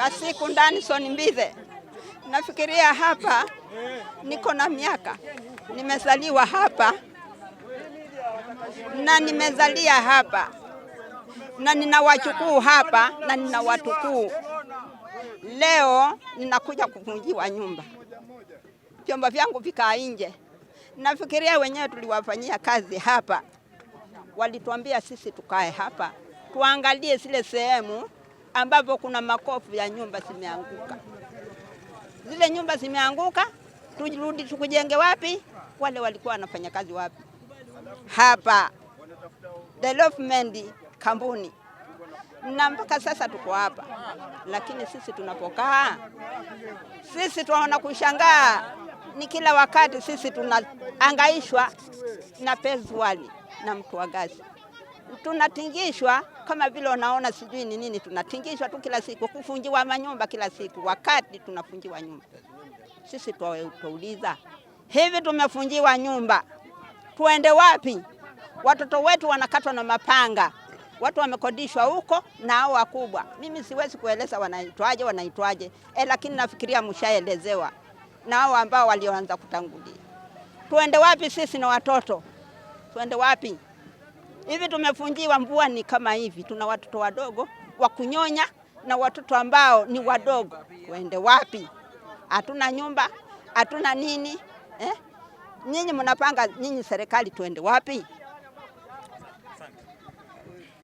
Kasiku Danson Mbize. Nafikiria hapa niko na miaka, nimezaliwa hapa na nimezalia hapa na nina wajukuu hapa na nina watukuu. Leo ninakuja kuvunjiwa nyumba, vyomba vyangu vikaa nje. Nafikiria wenyewe tuliwafanyia kazi hapa, walituambia sisi tukae hapa tuangalie zile sehemu ambapo kuna makofu ya nyumba zimeanguka. Zile nyumba zimeanguka, turudi tukujenge wapi? Wale walikuwa wanafanya kazi wapi? Hapa development kampuni, na mpaka sasa tuko hapa, lakini sisi tunapokaa sisi tunaona kushangaa ni kila wakati sisi tunaangaishwa na pezwali na mtu wa gazi tunatingishwa kama vile unaona sijui ni nini, tunatingishwa tu kila siku, kufunjiwa manyumba kila siku. Wakati tunafunjiwa nyumba, sisi tuwauliza hivi, tumefunjiwa nyumba, tuende wapi? Watoto wetu wanakatwa na mapanga, watu wamekodishwa huko na hao wakubwa. Mimi siwezi kueleza wanaitwaje, wanaitwaje e, lakini nafikiria mshaelezewa na hao ambao walioanza kutangulia. Tuende wapi sisi na watoto, tuende wapi? hivi tumefunjiwa mvua ni kama hivi. Tuna watoto wadogo wa kunyonya na watoto ambao ni wadogo, waende wapi? Hatuna nyumba, hatuna nini eh? Nyinyi mnapanga nyinyi serikali, tuende wapi?